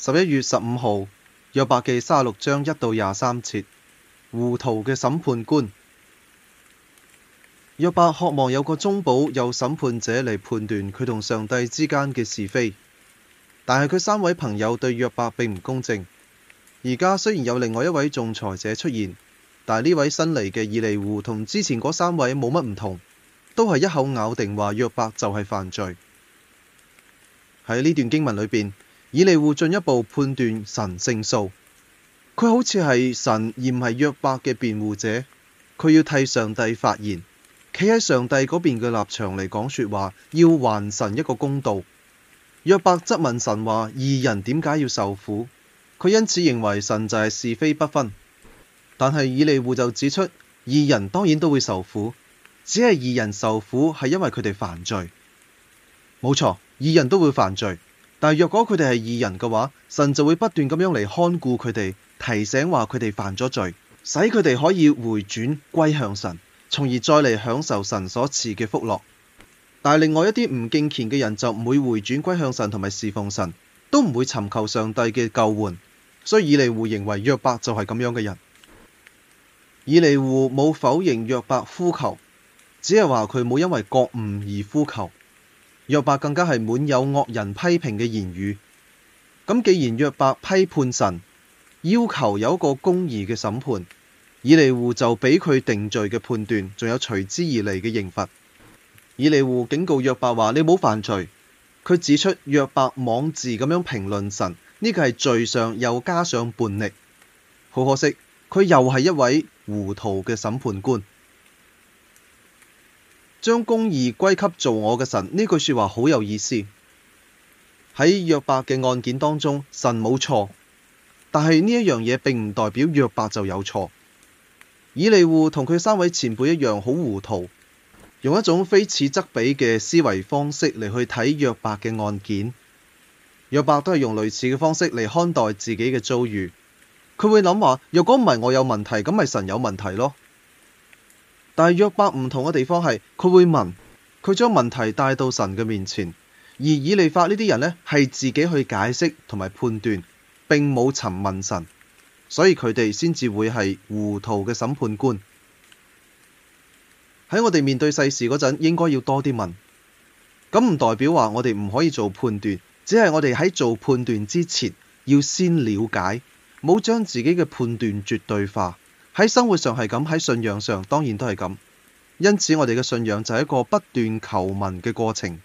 十一月十五號，約伯記卅六章一到廿三節，糊塗嘅審判官。約伯渴望有個中保，有審判者嚟判斷佢同上帝之間嘅是非，但係佢三位朋友對約伯並唔公正。而家雖然有另外一位仲裁者出現，但係呢位新嚟嘅以利戶同之前嗰三位冇乜唔同，都係一口咬定話約伯就係犯罪。喺呢段經文裏邊。以利戶進一步判斷神勝訴，佢好似係神而唔係約伯嘅辯護者，佢要替上帝發言，企喺上帝嗰邊嘅立場嚟講說，說話，要還神一個公道。約伯質問神話義人點解要受苦，佢因此認為神就係是，是非不分。但係以利戶就指出，義人當然都會受苦，只係義人受苦係因為佢哋犯罪。冇錯，義人都會犯罪。但若果佢哋係義人嘅話，神就會不斷咁樣嚟看顧佢哋，提醒話佢哋犯咗罪，使佢哋可以回轉歸向神，從而再嚟享受神所賜嘅福樂。但係另外一啲唔敬虔嘅人就唔會回轉歸向神同埋侍奉神，都唔會尋求上帝嘅救援。所以以利戶認為約伯就係咁樣嘅人。以利戶冇否認約伯呼求，只係話佢冇因為覺悟而呼求。約伯更加係滿有惡人批評嘅言語，咁既然約伯批判神，要求有一個公義嘅審判，以利戶就俾佢定罪嘅判斷，仲有隨之而嚟嘅刑罰。以利戶警告約伯話：你唔好犯罪。佢指出約伯妄自咁樣評論神，呢個係罪上又加上叛逆。好可惜，佢又係一位糊塗嘅審判官。將公義歸給造我嘅神，呢句說話好有意思。喺約伯嘅案件當中，神冇錯，但係呢一樣嘢並唔代表約伯就有錯。以利戶同佢三位前輩一樣好糊塗，用一種非此則彼嘅思維方式嚟去睇約伯嘅案件。約伯都係用類似嘅方式嚟看待自己嘅遭遇，佢會諗話：若果唔係我有問題，咁咪神有問題咯。但係約伯唔同嘅地方係，佢會問，佢將問題帶到神嘅面前，而以利法呢啲人呢，係自己去解釋同埋判斷，並冇尋問神，所以佢哋先至會係糊塗嘅審判官。喺我哋面對世事嗰陣，應該要多啲問，咁唔代表話我哋唔可以做判斷，只係我哋喺做判斷之前要先了解，冇將自己嘅判斷絕對化。喺生活上係咁，喺信仰上當然都係咁。因此，我哋嘅信仰就係一個不斷求問嘅過程。